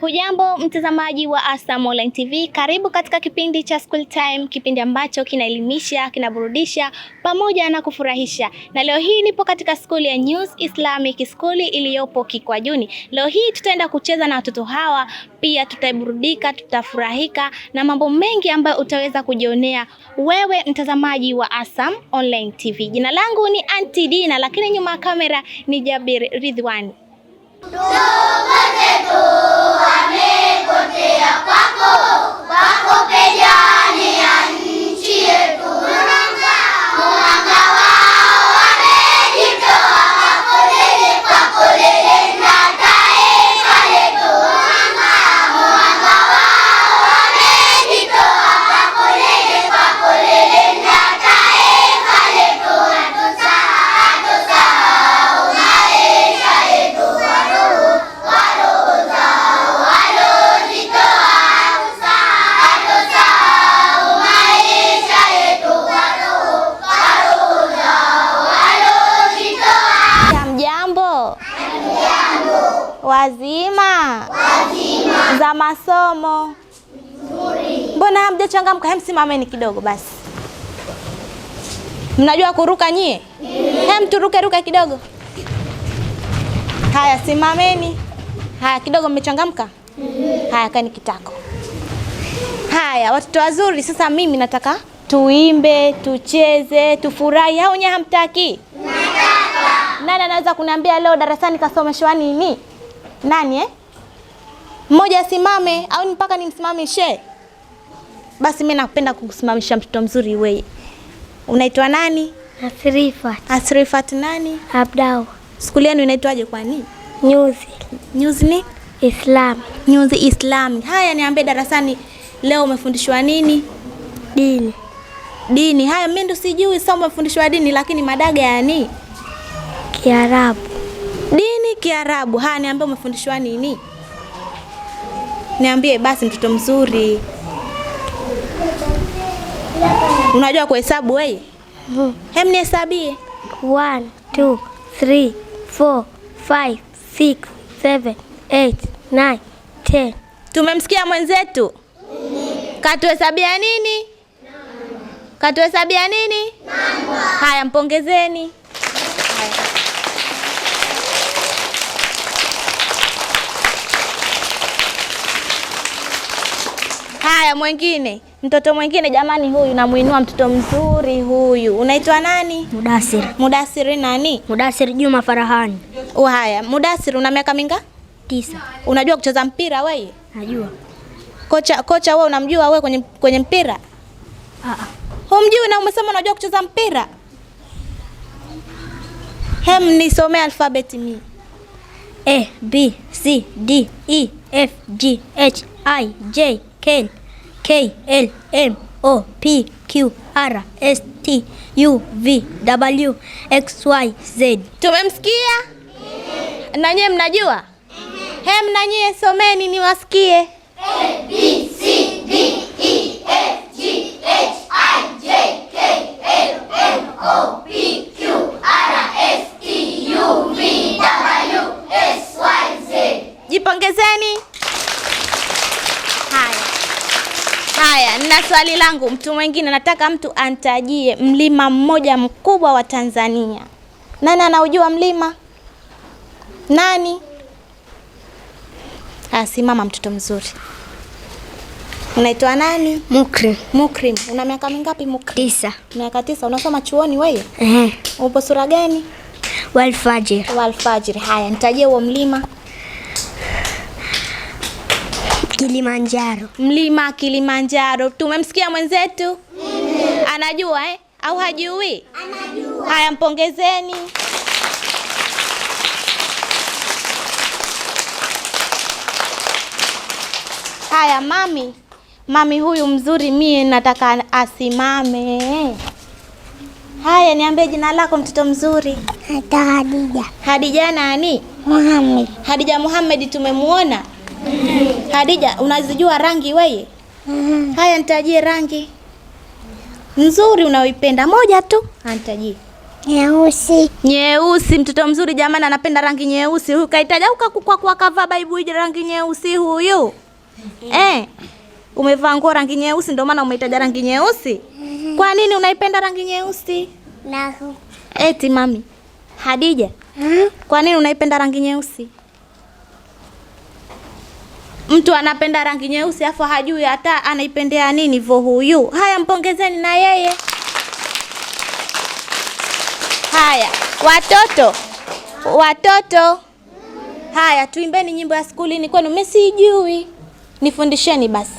Hujambo mtazamaji wa ASAM Online TV, karibu katika kipindi cha School Time, kipindi ambacho kinaelimisha, kinaburudisha pamoja na kufurahisha. Na leo hii nipo katika skuli ya News Islamic School iliyopo Kikwajuni. Leo hii tutaenda kucheza na watoto hawa, pia tutaburudika, tutafurahika na mambo mengi ambayo utaweza kujionea wewe mtazamaji wa ASAM Online TV. Jina langu ni Auntie Dina, lakini nyuma ya kamera ni Jabir Ridhwani. wazima, wazima. za masomo nzuri. Mbona hamjachangamka? Hem, simameni kidogo basi. Mnajua kuruka nyie? Hem, turuke ruka kidogo. Haya, simameni. Haya, kidogo mmechangamka? Haya, kani kitako. Haya, watoto wazuri. Sasa mimi nataka tuimbe, tucheze, tufurahi. Au nyewe hamtaki? Nataka. Nani anaweza kuniambia leo darasani kasomeshwa nini? Nani eh? Mmoja asimame au ni mpaka nimsimamishe? Basi mimi napenda kukusimamisha mtoto mzuri wewe. Unaitwa nani? Asrifat. Asrifat nani? Abdao. Skuli yenu inaitwaje kwani? Nyuzi. Nyuzi ni? Islam. Nyuzi Islam. Haya, niambie darasani leo umefundishwa nini? Dini. Dini. Haya, mimi ndo sijui, somo umefundishwa dini, lakini madaga yani Kiarabu dini Kiarabu. Ha, niambia umefundishwa nini? Niambie basi, mtoto mzuri. Unajua kuhesabu wewe? Hmm. Hem, nihesabie. 1 2 3 4 5 6 7 8 9 10. Tumemsikia mwenzetu? Katuhesabia nini? Katuhesabia nini? Haya, mpongezeni. Haya, mwengine, mtoto mwengine. Jamani, huyu namwinua mtoto mzuri huyu. Unaitwa nani? Mudasiri. Mudasiri nani? Mudasiri Juma Farahani. Oh, haya, Mudasiri, una miaka mingapi? Tisa. Unajua kucheza mpira wewe? Najua. Kocha kocha wewe unamjua wewe kwenye, kwenye mpira? Ah, ah. Humjui na umesema unajua kucheza mpira? Hem, nisomee alfabeti mi. A B C D E F G H I J K K L M O P Q R S T U V W X Y Z. Tumemsikia? Na nyie mnajua? Hem, na nyie someni niwasikie. A B C D E F G H I J K L M O P Q R S T U swali langu mtu mwingine, nataka mtu antajie mlima mmoja mkubwa wa Tanzania. Nani anaujua mlima? Nani? Asimama ah, mtoto mzuri. Unaitwa nani? Mukrim. Mukrim, una miaka mingapi Mukrim? Tisa. Miaka tisa. Unasoma chuoni wewe? Eh. Upo sura gani? Walfajiri. Walfajiri. Haya, nitajie huo mlima. Kilimanjaro. Mlima Kilimanjaro. Tumemsikia mwenzetu? Ndiyo. Anajua eh? Au hajui? Anajua. Haya, mpongezeni. Haya, mami mami huyu mzuri, mie nataka asimame. Haya, niambie jina lako mtoto mzuri. Hata Hadija. Hadija nani? Muhammad. Hadija Muhammad, tumemwona Hadija, unazijua rangi weye? Mhm. Haya, nitajie rangi nzuri unaoipenda moja tu, antajie. Nyeusi. Nyeusi, mtoto mzuri jamani, anapenda rangi nyeusi huyu. Kaitaja kwa kwa kavaa baibui rangi nyeusi huyu. Mhm. Eh, umevaa nguo rangi nyeusi, ndio maana umeitaja rangi nyeusi. Mhm. Kwa nini unaipenda rangi nyeusi? Nahu. Eti mami Hadija, hmm? Kwa nini unaipenda rangi nyeusi? Mtu anapenda rangi nyeusi afu hajui hata anaipendea nini vo huyu. Haya, mpongezeni na yeye. Haya watoto, watoto, haya tuimbeni nyimbo ya skulini kwenu. Mimi sijui, nifundisheni basi.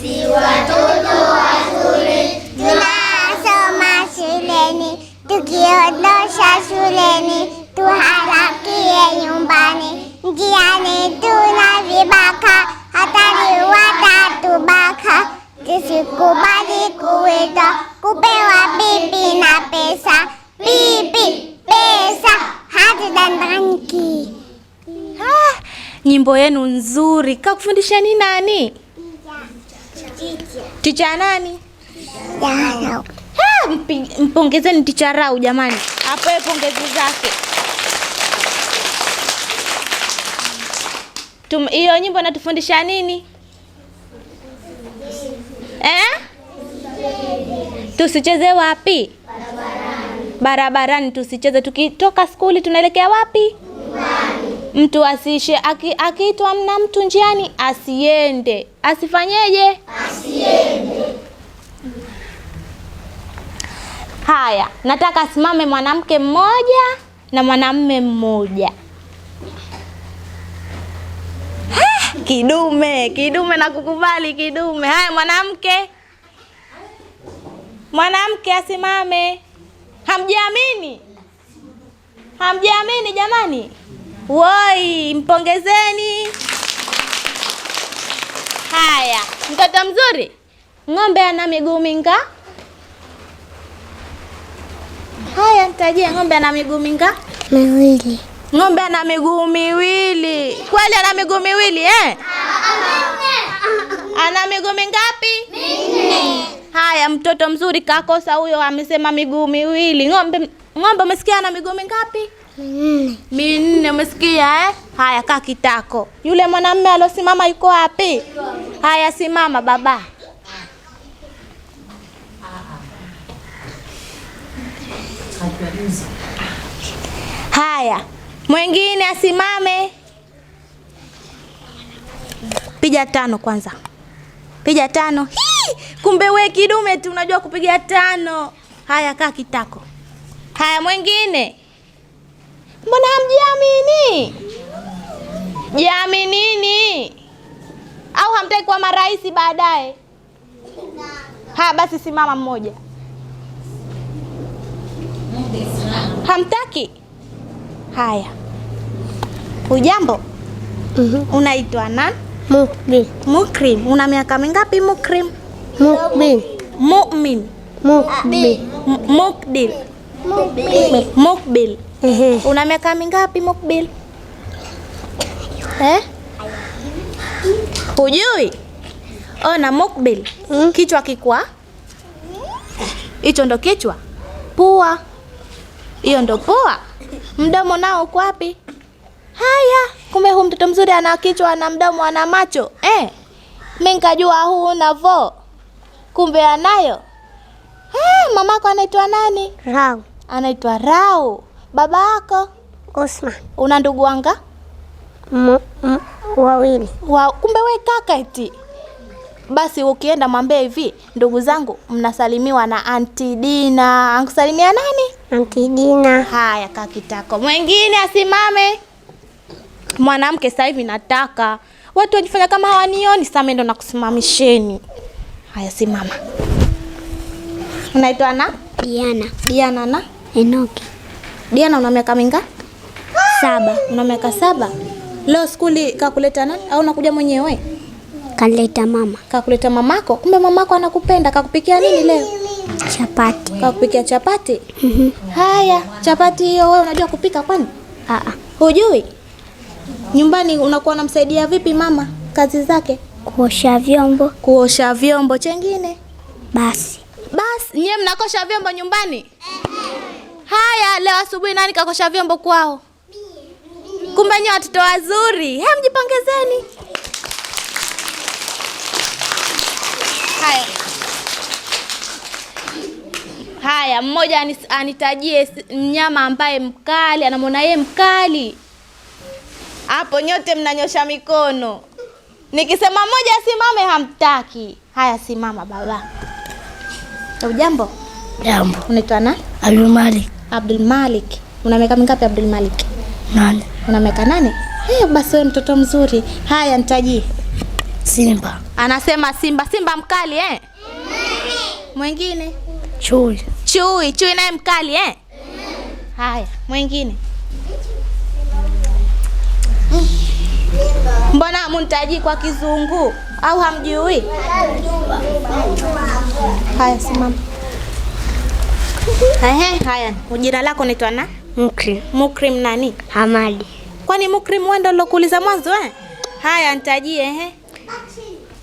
Sisi watoto skuli tunasoma shuleni, tukiondosha shuleni tuharakie nyumbani, njiani nyimbo yenu nzuri. Kakufundisha ni nani? Ticha nani? Mpongezeni ticha Rau jamani, apewe pongezi zake. Hiyo nyimbo natufundisha nini? Eh? Tusicheze wapi? Barabarani. Barabarani tusicheze, tukitoka skuli tunaelekea wapi? Mtu asiishe akiitwa aki mna mtu njiani asiende, asifanyeje? Asiende. Haya, nataka asimame mwanamke mmoja na mwanamme mmoja. Ha, kidume kidume, na kukubali kidume. Haya, mwanamke mwanamke asimame. Hamjiamini, hamjiamini jamani. Woi, mpongezeni. Haya, mtoto mzuri. Ng'ombe ana miguu minga? Haya, nitajie ng'ombe ana miguu minga? Miwili. Ng'ombe ana miguu miwili. Kweli ana miguu miwili eh? Ana miguu mingapi? Minne. Haya, mtoto mzuri kakosa huyo, amesema miguu miwili. Ng'ombe ng'ombe, umesikia ana miguu mingapi? mimi nne, eh? Haya, kaa kitako. Yule mwanamume alosimama yuko wapi? Haya, simama baba. Haya, mwingine asimame, piga tano kwanza, piga tano. Hii, kumbe we kidume tu unajua kupiga tano. Haya, kaa kitako. Haya, mwingine mbona hamjiamini? Jiaminini au hamtaki kuwa marais baadaye? Haya basi, simama mmoja. Hamtaki? Haya, hujambo? mm-hmm. Unaitwa nani? Mukrim. Mukrim, una miaka mingapi Mukrim? Mukmin. Mukmin. Mukbil. Mukbil. Mukbil. Una miaka mingapi Mukbil? Eh? Hujui? Ona oh, Mukbil. Mm. Kichwa kikwa? Hicho ndo kichwa. Pua. Hiyo ndo pua. Mdomo nao uko wapi? Haya, kumbe huu mtoto mzuri ana kichwa, ana mdomo, ana macho. Eh. Mimi nikajua huu unavo. Kumbe anayo. Eh, mamako anaitwa nani? Rau. Anaitwa Rau. Baba yako Osman, una ndugu wanga wawili? Wa, kumbe we kaka eti. Basi ukienda mwambie hivi, ndugu zangu, mnasalimiwa na Aunti Dina. Ankusalimia nani? Aunti Dina. Haya, kakitako mwingine asimame. Mwanamke sasa hivi nataka watu wajifanya kama hawanioni. Same ndo nakusimamisheni. Haya, simama. Unaitwa na Diana. Diana na Enoki. Diana una miaka mingapi? Saba. Una miaka saba? Leo skuli kakuleta nani au nakuja mwenyewe? Kanileta mama. Kakuleta mamako? Kumbe mamako anakupenda. Kakupikia nini leo? Chapati. Kakupikia chapati? Mhm. Haya, chapati hiyo wewe unajua kupika kwani? Ah ah. Hujui? Nyumbani unakuwa unamsaidia vipi mama kazi zake? Kuosha vyombo. Kuosha vyombo chengine? Basi. Basi, nyewe mnakosha vyombo nyumbani? Haya, leo asubuhi nani kakosha vyombo kwao? Kumbe nyewe watoto wazuri. He, mjipongezeni. Haya, haya, mmoja anitajie mnyama ambaye mkali anamwona yeye mkali. Hapo nyote mnanyosha mikono. Nikisema mmoja asimame hamtaki. Haya, simama baba. Ujambo? Jambo. Unaitwa nani? Malik. Abdul Malik. Una miaka mingapi Abdul Malik? Nane. Una miaka nane? Hey, eh, basi wewe mtoto mzuri. Haya, nitajie. Simba. Anasema Simba, Simba mkali eh? Mwingine? Chui. Chui, chui naye mkali eh? Haya, mwingine. Mbona muntaji kwa kizungu au hamjui? Haya, simama. Ehe, haya. Jina lako naitwa na? Mukrim. Mukrim nani? Hamadi. Kwani Mukrim wewe ndio nilokuuliza mwanzo eh? Haya, nitajie ehe.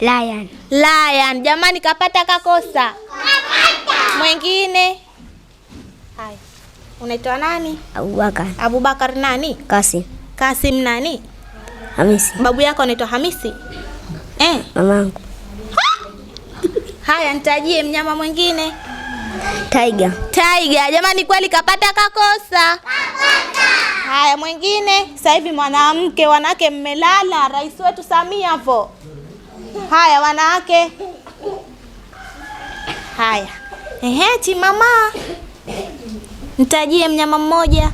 Lion. Lion. Jamani kapata kakosa. Kapata. Mwingine. Haya. Unaitwa nani? Abubakar. Abubakar nani? Kasim. Kasim nani? Hamisi. Babu yako anaitwa Hamisi? Eh. Mamangu. Haya, nitajie mnyama mwingine. Tiger. Tiger. Jamani kweli kapata kakosa. Kapata. Haya mwingine, sasa hivi mwanamke, wanawake mmelala, rais wetu Samia hapo. Haya wanawake. Haya. Ehe, ti mama. Nitajie mnyama mmoja.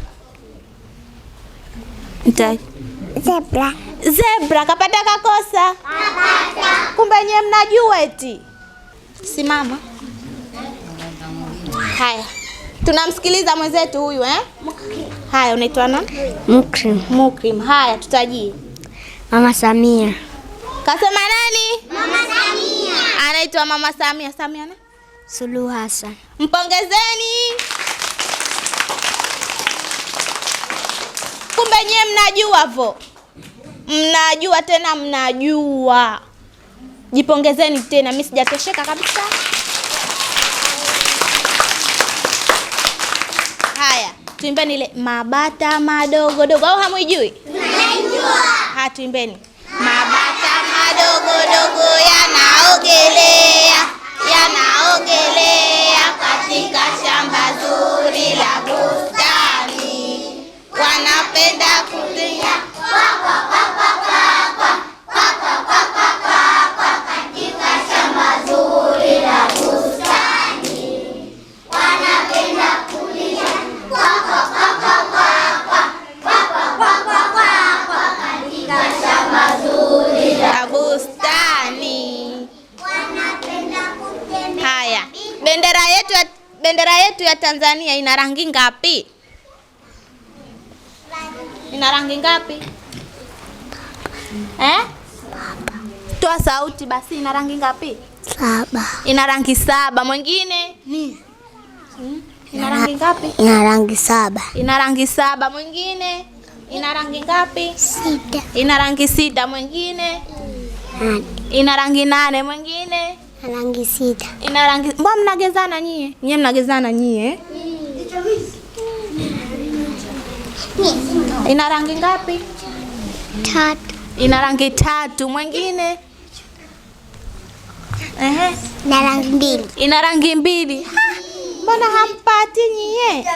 Nitaj. Zebra. Zebra kapata kakosa. Kapata. Kumbe nyie mnajua eti. Simama. Haya, tunamsikiliza mwenzetu huyu eh? Haya, unaitwa nani? Mukrim. Mukrim. Haya, tutajii Mama Samia. Kasema nani? Mama Samia. Anaitwa Mama Samia. Samia na Suluhu Hassan. Mpongezeni. Kumbe nyewe mnajua vo, mnajua tena, mnajua. Jipongezeni tena, mimi sijatosheka kabisa. Haya, tuimbeni ile mabata madogo dogo, au hamuijui? Naijua. Ha, tuimbeni mabata madogo dogo yanaogelea, yanaogelea ngapi? Ina rangi ngapi? Eh? Toa sauti basi, ina rangi ngapi? Saba. Ina rangi saba. Mwingine? Ni. Hmm? Ina rangi ngapi? Ina rangi saba. Ina rangi saba. Mwingine? Ina rangi ngapi? Sita. Ina rangi sita. Mwingine? Nane. Ina rangi nane. Mwingine? Ina rangi sita. Ina rangi. Mbona mnagezana nyie? Nyie mnagezana nyie? Ina rangi ngapi? Tatu. Ina rangi tatu. Mwengine? Ehe. Ina rangi mbili. Ina rangi mbili. Mbona hampati nyie?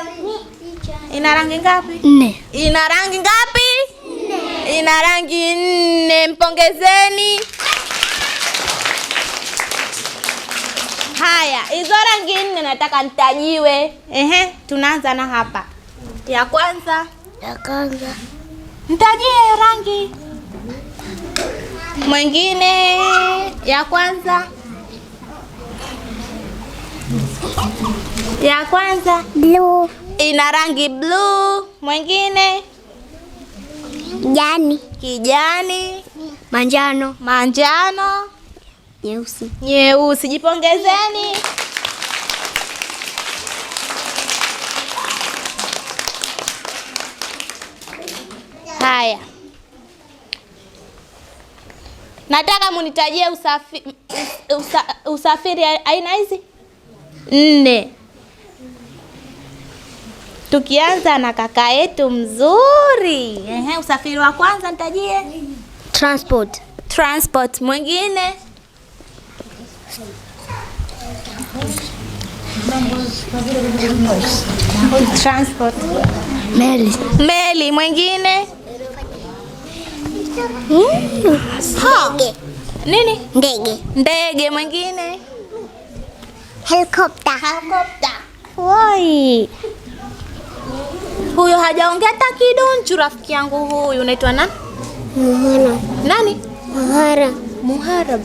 Ina rangi ngapi? Nne. Ina rangi ngapi? Nne. Ina rangi nne. Mpongezeni. Haya, hizo rangi nne nataka nitajiwe. Ehe, tunaanza na hapa. Ya kwanza, ya kwanza mtajie rangi mwingine. Ya kwanza, ya kwanza blue, ina rangi blue. Mwingine kijani, kijani, manjano, manjano nyeusi. Nyeusi, jipongezeni. Haya, nataka munitajie usafi, usa, usafiri aina hizi nne, tukianza na kaka yetu mzuri. Ehe, usafiri wa kwanza nitajie transport. Transport, mwingine Transport. Meli. Meli. Mwengine ndege. Nini? Ndege. Ndege. Mwengine helikopta. Helikopta. Woi. Huyo hajaongea hata kidonchu, rafiki yangu huyu. Unaitwa nani? Muhara. Nani? Muhara. Muhara.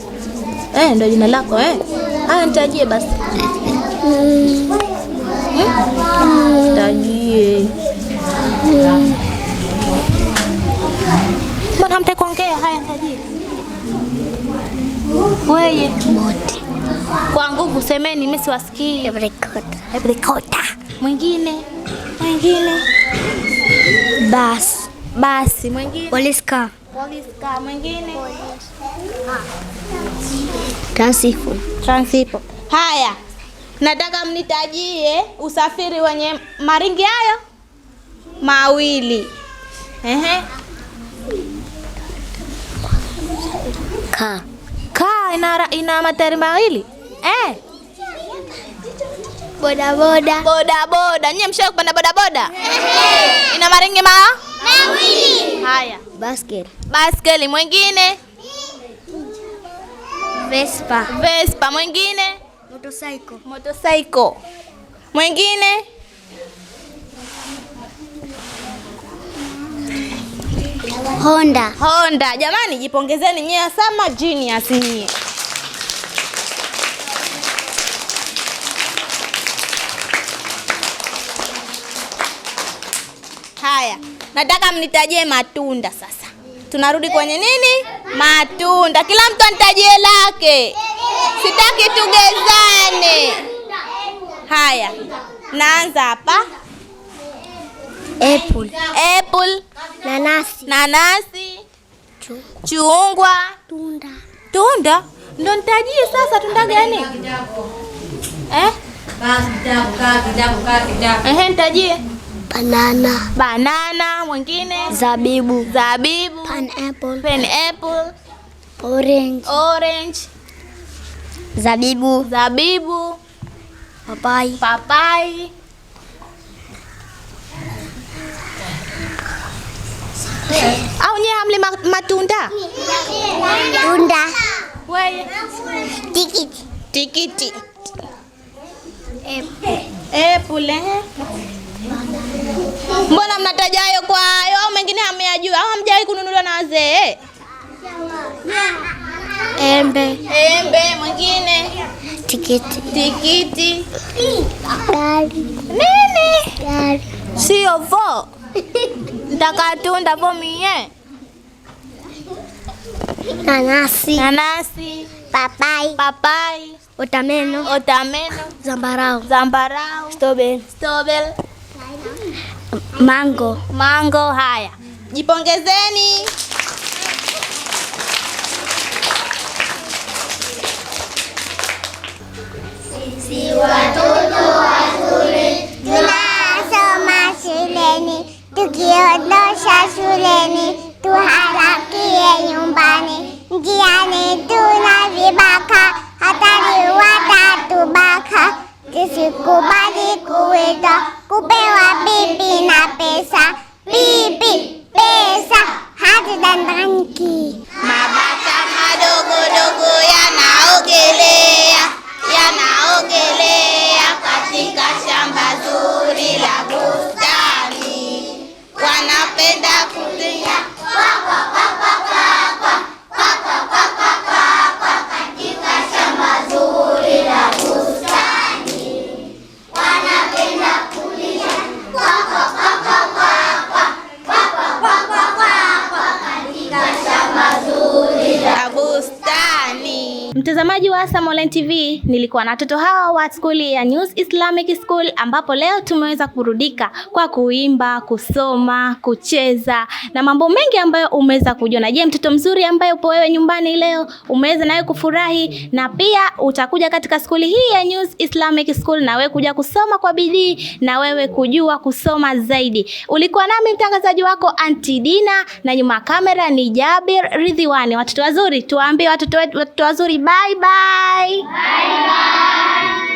Eh, ndio jina lako eh? Haya, ah, nitajie basi. Tajie. Mbona mtakuongea haya tajie? Weye. Mote. Kwa nguvu semeni, mimi siwasikii. Brikota. Brikota. Mwingine. Mwingine. Basi. Basi mwingine. Waliska. Waliska mwingine. Transipo. Transipo. Haya. Nataka mnitajie usafiri wenye maringi hayo mawili. Ehe. Ka. Ka ina ina matari mawili? Eh. Boda boda. Boda boda. Nyie mshao kupanda boda boda? Ehe. Ina maringi ma? Mawili. Haya. Basket. Basket mwingine? Vespa. Vespa mwingine? Motorcycle. Motorcycle. Mwingine? Honda. Honda. Jamani, jipongezeni nyie sama genius nyie. Haya, nataka mnitajie matunda sasa tunarudi kwenye nini? Matunda. Kila mtu anitajie lake, sitaki tugezane. Haya, naanza hapa. Apple. Apple. Nanasi. Nanasi. Chungwa. Tunda. Tunda ndo nitajie sasa, tunda gani? Eh? Nitajie Banana. Banana, mwingine? Zabibu. Zabibu. Pineapple. Pineapple. Orange. Orange. Zabibu. Zabibu. Papai. Papai. Au nye hamli matunda? Tunda. Wewe. Tikiti. Tikiti. Apple. Apple. Mbona mnataja hayo kwa hayo au mengine hamyajua au hamjawahi kununuliwa na wazee? Embe. Embe mwingine? Tikiti. Tikiti. Gari. Nini? Gari. Sio vo. Ndakatunda vo mie. Nanasi. Nanasi. Papai. Papai. Otameno. Otameno. Zambarau. Zambarau. Stobel. Stobel mango. Mango. Haya, jipongezeni. Sisi watoto wazuri tunasoma shuleni, tukiondosha shuleni tuharakie nyumbani, njiani tuna vibaka, hatari watatubaka, tusikubali kuwita kupewa pipi na pesa, pipi pesa, hati dan tangan Mtazamaji wa Asam Online TV, nilikuwa na watoto hawa wa skuli ya News Islamic School ambapo leo tumeweza kurudika kwa kuimba, kusoma, kucheza na mambo mengi ambayo umeweza kujua. Na je, mtoto mzuri ambaye upo wewe nyumbani leo umeweza nawe kufurahi na pia utakuja katika skuli hii ya News Islamic School na wewe kuja kusoma kwa bidii na wewe kujua kusoma zaidi. Ulikuwa nami mtangazaji wako Anti Dina na nyuma kamera ni Jabir Ridhiwani. Watoto wazuri, tuwaambie watoto watoto wazuri bye, bye. 拜拜。